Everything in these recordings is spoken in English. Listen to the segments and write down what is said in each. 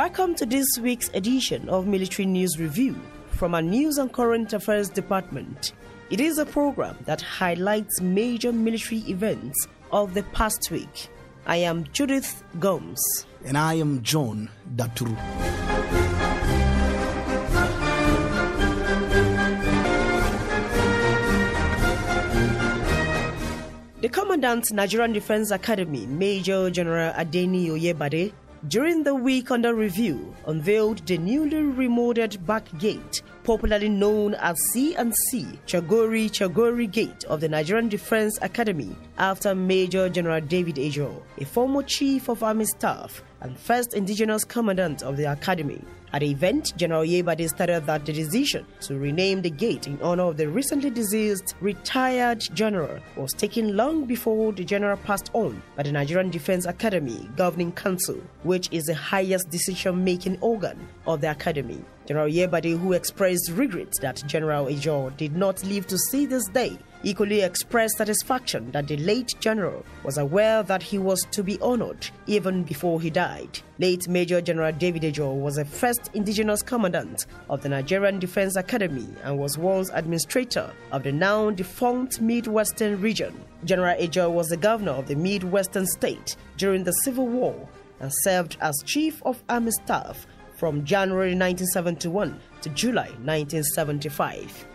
Welcome to this week's edition of Military News Review from our News and Current Affairs Department. It is a program that highlights major military events of the past week. I am Judith Gomes. And I am John Daturu. The Commandant Nigerian Defense Academy, Major General Adeni Oyebade, during the week under review, unveiled the newly remodeled back gate, popularly known as C&C Chagori Chagori Gate of the Nigerian Defense Academy after Major General David Ajo, a former Chief of Army Staff and first indigenous commandant of the academy. At the event, General Yebade stated that the decision to rename the gate in honor of the recently deceased retired general was taken long before the general passed on by the Nigerian Defense Academy Governing Council, which is the highest decision making organ of the academy. General Yebade, who expressed regret that General Ejo did not live to see this day, equally expressed satisfaction that the late general was aware that he was to be honored even before he died. Late Major General David Ejo was the first indigenous commandant of the Nigerian Defense Academy and was once administrator of the now defunct Midwestern region. General Ejo was the governor of the Midwestern state during the Civil War and served as Chief of Army Staff from January 1971 to July 1975.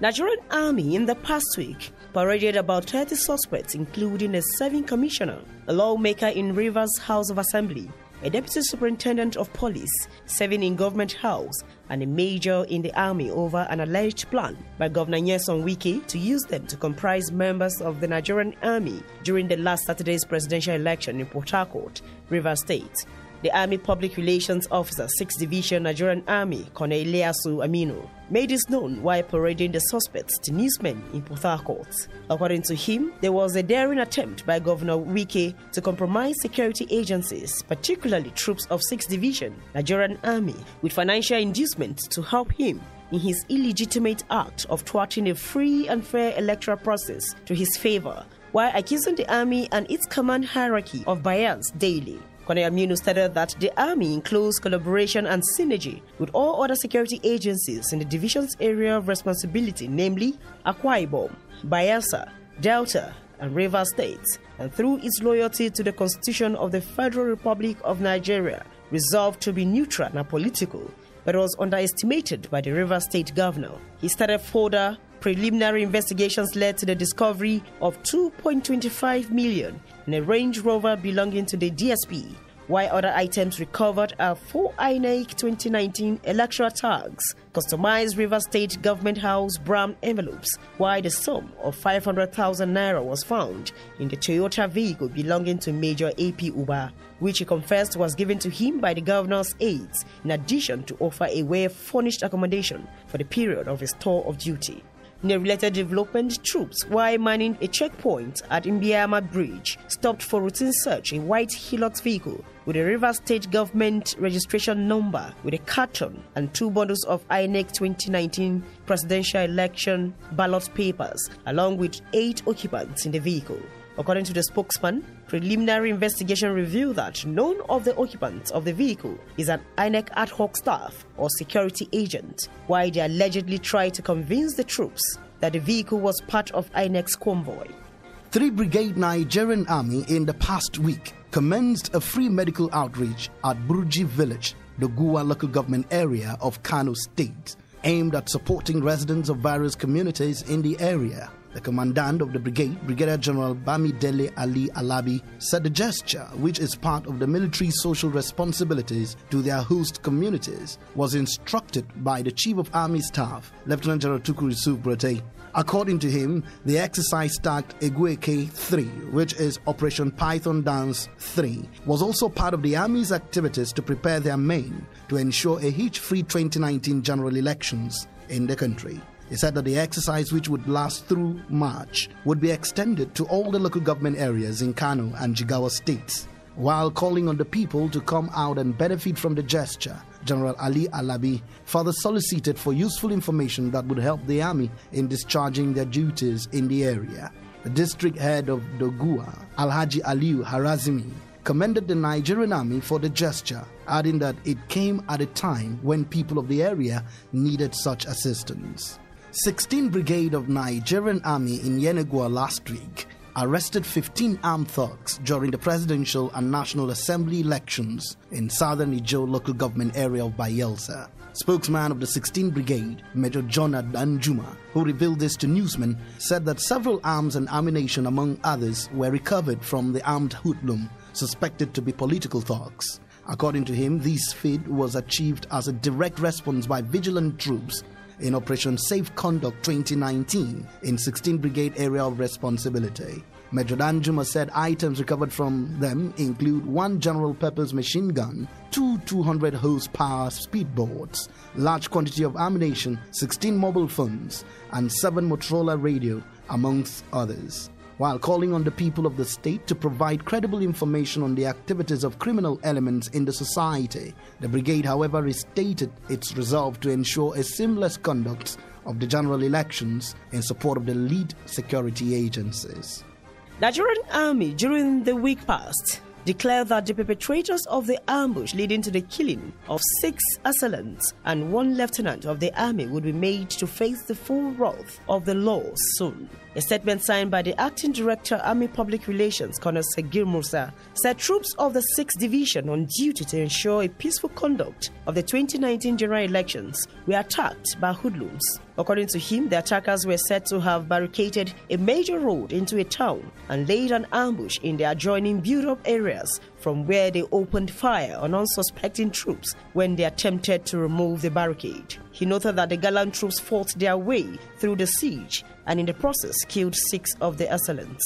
Nigerian Army in the past week paraded about 30 suspects, including a serving commissioner, a lawmaker in Rivers House of Assembly, a deputy superintendent of police serving in government house, and a major in the army over an alleged plan by Governor Nyesom Wiki to use them to comprise members of the Nigerian army during the last Saturday's presidential election in Port Harcourt, Rivers State. The Army Public Relations Officer, 6th Division Nigerian Army, Colonel Ileasu Aminu, made this known while parading the suspects to newsmen in Port Harcourt. According to him, there was a daring attempt by Governor Wike to compromise security agencies, particularly troops of 6th Division Nigerian Army, with financial inducement to help him in his illegitimate act of thwarting a free and fair electoral process to his favor, while accusing the army and its command hierarchy of bias daily. Colonel Aminu stated that the Army, in close collaboration and synergy with all other security agencies in the division's area of responsibility, namely Akwa Ibom, Bayelsa, Delta, and River States, and through its loyalty to the Constitution of the Federal Republic of Nigeria, resolved to be neutral and apolitical, but was underestimated by the River State governor. He stated further Preliminary investigations led to the discovery of 2.25 million in a Range Rover belonging to the DSP, while other items recovered are four INEC 2019 electoral tags, customized River State Government House Bram envelopes, while the sum of 500,000 naira was found in the Toyota vehicle belonging to Major AP Uba, which he confessed was given to him by the governor's aides, in addition to offer a well furnished accommodation for the period of his tour of duty. Related development troops, while manning a checkpoint at Imbiama Bridge, stopped for routine search a white Hilux vehicle with a River State Government registration number with a carton and two bundles of INEC 2019 presidential election ballot papers, along with eight occupants in the vehicle. According to the spokesman, preliminary investigation revealed that none of the occupants of the vehicle is an INEC ad hoc staff or security agent, while they allegedly tried to convince the troops that the vehicle was part of INEC's convoy. Three Brigade Nigerian Army in the past week commenced a free medical outreach at Burji Village, the Gua local government area of Kano State, aimed at supporting residents of various communities in the area. The commandant of the brigade, Brigadier General Bamidele Ali Alabi, said the gesture, which is part of the military's social responsibilities to their host communities, was instructed by the Chief of Army Staff, Lieutenant General Tukuri Subrate. According to him, the exercise tagged Egueke 3, which is Operation Python Dance 3, was also part of the Army's activities to prepare their men to ensure a hitch free 2019 general elections in the country. He said that the exercise, which would last through March, would be extended to all the local government areas in Kano and Jigawa states. While calling on the people to come out and benefit from the gesture, General Ali Alabi further solicited for useful information that would help the army in discharging their duties in the area. The district head of Dogua, Alhaji Aliu Harazimi, commended the Nigerian army for the gesture, adding that it came at a time when people of the area needed such assistance. 16th Brigade of Nigerian Army in Yenegua last week arrested 15 armed thugs during the presidential and National Assembly elections in southern Ijo local government area of Bayelsa. Spokesman of the 16th Brigade, Major John Danjuma, who revealed this to newsmen, said that several arms and ammunition, among others, were recovered from the armed hoodlum suspected to be political thugs. According to him, this feat was achieved as a direct response by vigilant troops in Operation Safe Conduct 2019 in 16 Brigade Area of Responsibility. Major Danjuma said items recovered from them include one general purpose machine gun, two 200 horsepower speedboards, large quantity of ammunition, 16 mobile phones, and seven Motorola radio, amongst others while calling on the people of the state to provide credible information on the activities of criminal elements in the society. The brigade, however, restated its resolve to ensure a seamless conduct of the general elections in support of the lead security agencies. Nigerian army during the week past declared that the perpetrators of the ambush leading to the killing of six assailants and one lieutenant of the army would be made to face the full wrath of the law soon. A statement signed by the acting director, Army Public Relations, Colonel Segir Musa, said troops of the 6th Division on duty to ensure a peaceful conduct of the 2019 general elections were attacked by hoodlums. According to him, the attackers were said to have barricaded a major road into a town and laid an ambush in the adjoining built-up areas from where they opened fire on unsuspecting troops when they attempted to remove the barricade. He noted that the gallant troops fought their way through the siege and in the process killed six of the assailants.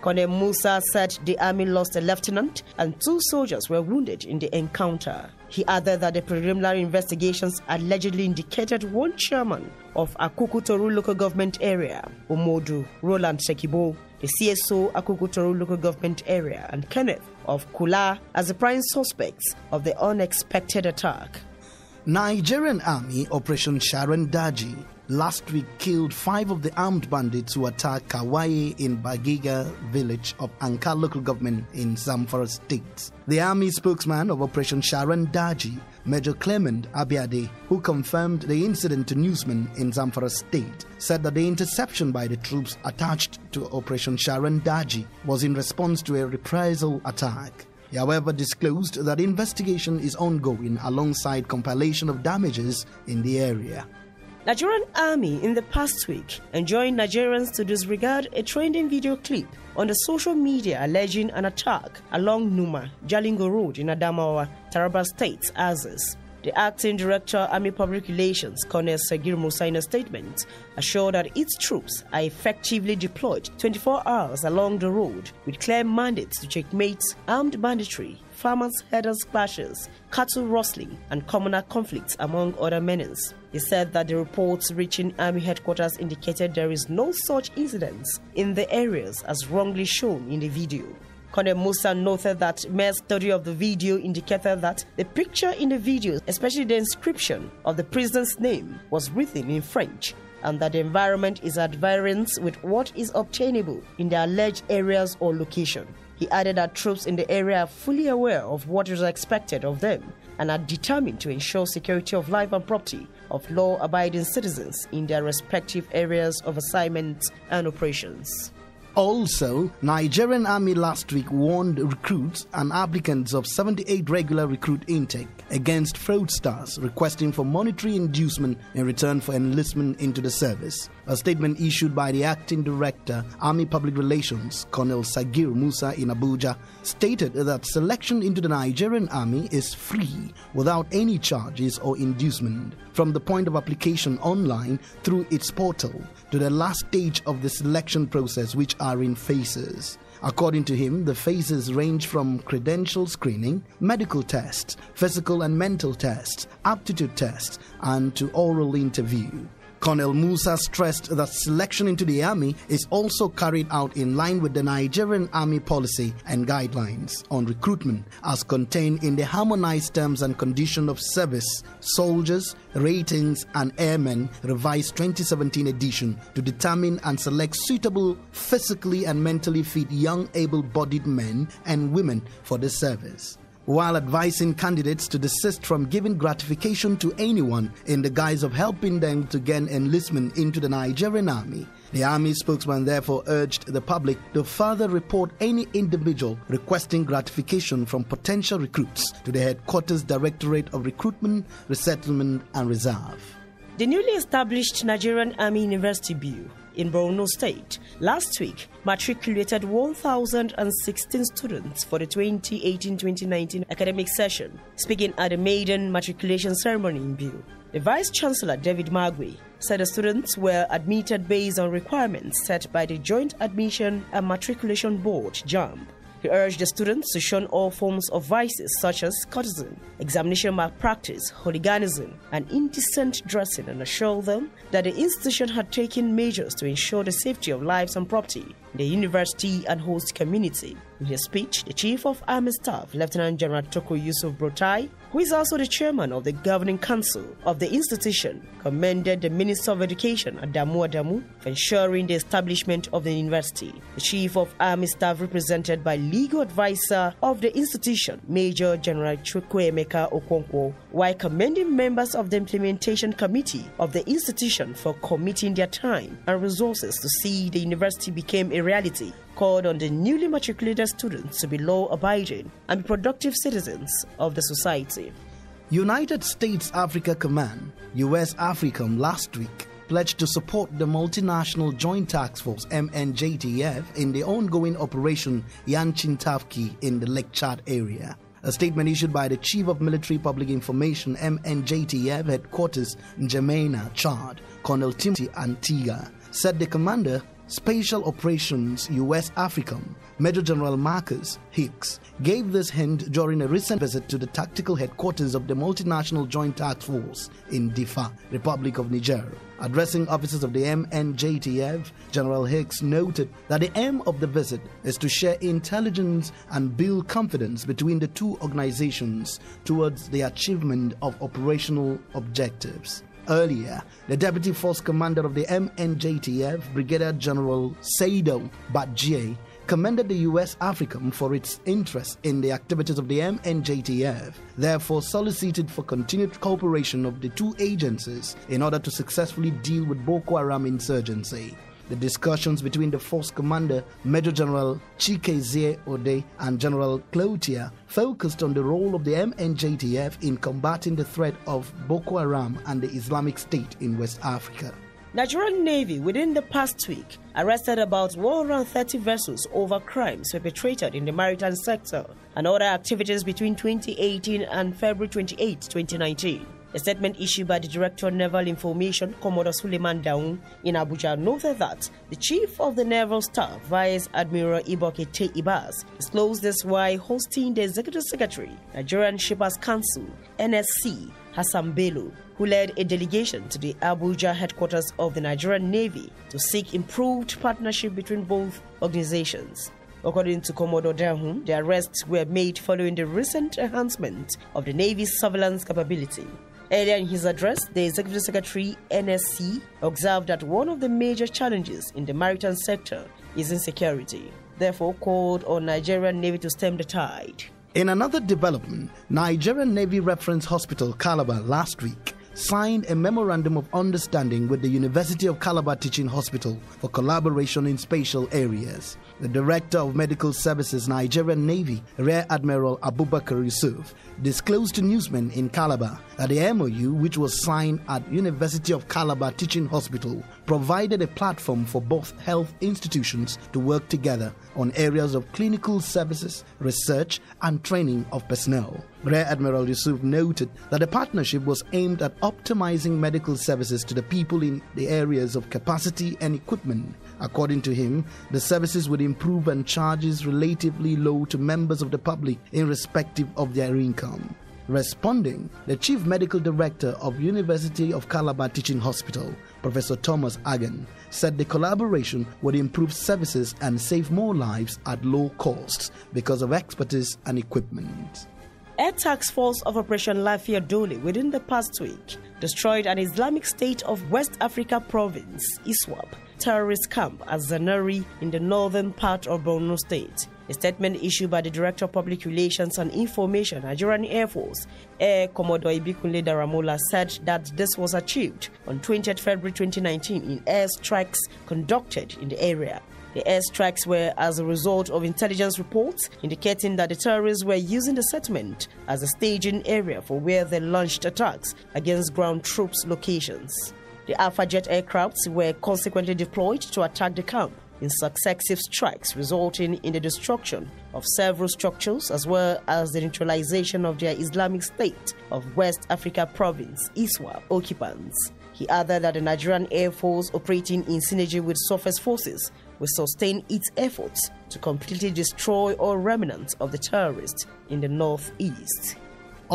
Colonel Musa said the army lost a lieutenant and two soldiers were wounded in the encounter. He added that the preliminary investigations allegedly indicated one chairman of Akukutoru local government area, Omodu Roland Sekibo, the CSO Akukutoru local government area, and Kenneth of Kula as the prime suspects of the unexpected attack. Nigerian Army Operation Sharon Daji last week killed five of the armed bandits who attacked Kawaye in Bagiga village of Ankara local government in Zamfara state. The army spokesman of Operation Sharon Daji, Major Clement Abiade, who confirmed the incident to newsmen in Zamfara state, said that the interception by the troops attached to Operation Sharon Daji was in response to a reprisal attack. He, however, disclosed that investigation is ongoing alongside compilation of damages in the area. Nigerian Army in the past week enjoined Nigerians to disregard a trending video clip on the social media alleging an attack along Numa, Jalingo Road in Adamawa, Taraba State, Azaz. The acting director, Army Public Relations, Colonel Sagir Musa, in a statement, assured that its troops are effectively deployed 24 hours along the road with clear mandates to checkmate armed banditry farmers' herders' clashes, cattle rustling, and communal conflicts, among other menaces. He said that the reports reaching Army headquarters indicated there is no such incidents in the areas as wrongly shown in the video. Colonel Musa noted that mere study of the video indicated that the picture in the video, especially the inscription of the president's name, was written in French and that the environment is at variance with what is obtainable in the alleged areas or location. He added that troops in the area are fully aware of what is expected of them and are determined to ensure security of life and property of law abiding citizens in their respective areas of assignment and operations. Also, Nigerian Army last week warned recruits and applicants of 78 regular recruit intake against fraudsters requesting for monetary inducement in return for enlistment into the service. A statement issued by the acting director, Army Public Relations, Colonel Sagir Musa in Abuja, stated that selection into the Nigerian Army is free without any charges or inducement from the point of application online through its portal to the last stage of the selection process, which are in phases. According to him, the phases range from credential screening, medical tests, physical and mental tests, aptitude tests, and to oral interview. Colonel Musa stressed that selection into the army is also carried out in line with the Nigerian army policy and guidelines on recruitment as contained in the harmonized terms and conditions of service, soldiers, ratings and airmen revised 2017 edition to determine and select suitable physically and mentally fit young able-bodied men and women for the service while advising candidates to desist from giving gratification to anyone in the guise of helping them to gain enlistment into the Nigerian army. The army spokesman therefore urged the public to further report any individual requesting gratification from potential recruits to the headquarters Directorate of Recruitment, Resettlement and Reserve. The newly established Nigerian Army University Bureau in Borno State. Last week, matriculated 1,016 students for the 2018-2019 academic session, speaking at the maiden matriculation ceremony in Biu. The Vice Chancellor David Magwe said the students were admitted based on requirements set by the Joint Admission and Matriculation Board (JAMB). He urged the students to shun all forms of vices such as cutism, examination malpractice, hooliganism, and indecent dressing and assured them that the institution had taken measures to ensure the safety of lives and property the university and host community. In his speech, the Chief of Army Staff, Lieutenant General Toko Yusuf Brotai, who is also the chairman of the governing council of the institution, commended the Minister of Education, Adamu Adamu, for ensuring the establishment of the university. The Chief of Army Staff, represented by legal advisor of the institution, Major General Chukwuemeka Okonkwo, while commending members of the implementation committee of the institution for committing their time and resources to see the university became a reality, called on the newly matriculated students to be law abiding and productive citizens of the society. United States Africa Command, US AFRICOM, last week pledged to support the multinational joint task force MNJTF in the ongoing operation Yanchin Tafki in the Lake Chad area. A statement issued by the Chief of Military Public Information MNJTF headquarters Jemena Chad, Colonel Timothy Antiga, said the commander Special Operations U.S. AFRICOM, Major General Marcus Hicks, gave this hint during a recent visit to the tactical headquarters of the Multinational Joint Task Force in Difa, Republic of Niger. Addressing officers of the MNJTF, General Hicks noted that the aim of the visit is to share intelligence and build confidence between the two organizations towards the achievement of operational objectives earlier. The Deputy Force Commander of the MNJTF, Brigadier General Saido Badjie, commended the US AFRICOM for its interest in the activities of the MNJTF, therefore solicited for continued cooperation of the two agencies in order to successfully deal with Boko Haram insurgency. The discussions between the force commander, Major General Chikezie Ode, and General Cloutier focused on the role of the MNJTF in combating the threat of Boko Haram and the Islamic State in West Africa. Nigerian Navy within the past week arrested about 130 vessels over crimes perpetrated in the maritime sector and other activities between 2018 and February 28, 2019. A statement issued by the Director of Naval Information, Commodore Suleiman Daoun, in Abuja noted that the Chief of the Naval Staff, Vice Admiral Iboke T. Ibas, disclosed this while hosting the Executive Secretary, Nigerian Shippers Council, NSC, Hassan Bello, who led a delegation to the Abuja headquarters of the Nigerian Navy to seek improved partnership between both organizations. According to Commodore Dahum, the arrests were made following the recent enhancement of the Navy's surveillance capability. Earlier in his address, the Executive Secretary NSC observed that one of the major challenges in the maritime sector is insecurity, therefore called on Nigerian Navy to stem the tide. In another development, Nigerian Navy Reference Hospital Calabar last week signed a memorandum of understanding with the University of Calabar Teaching Hospital for collaboration in spatial areas. The Director of Medical Services Nigerian Navy, Rear Admiral Abubakar Yusuf, disclosed to newsmen in Calabar that the MOU, which was signed at University of Calabar Teaching Hospital, provided a platform for both health institutions to work together on areas of clinical services, research, and training of personnel. Rear Admiral Yusuf noted that the partnership was aimed at optimizing medical services to the people in the areas of capacity and equipment. According to him, the services would improve and charges relatively low to members of the public irrespective of their income. Responding, the Chief Medical Director of University of Calabar Teaching Hospital, Professor Thomas Agan, said the collaboration would improve services and save more lives at low costs because of expertise and equipment. Air Task Force of Operation Lafia Dole within the past week destroyed an Islamic State of West Africa province, ISWAP, terrorist camp at Zanari in the northern part of Borno State. A statement issued by the Director of Public Relations and Information, Nigerian Air Force, Air Commodore Ibikunle Daramola, said that this was achieved on 20 February 2019 in air strikes conducted in the area. The airstrikes were as a result of intelligence reports indicating that the terrorists were using the settlement as a staging area for where they launched attacks against ground troops locations. The Alpha Jet aircrafts were consequently deployed to attack the camp in successive strikes, resulting in the destruction of several structures as well as the neutralization of their Islamic State of West Africa province, ISWA, occupants. He added that the Nigerian Air Force, operating in synergy with surface forces, will sustain its efforts to completely destroy all remnants of the terrorists in the northeast.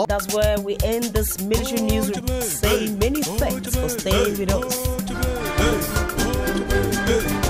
That's where we end this military news. Say many thanks for staying with us.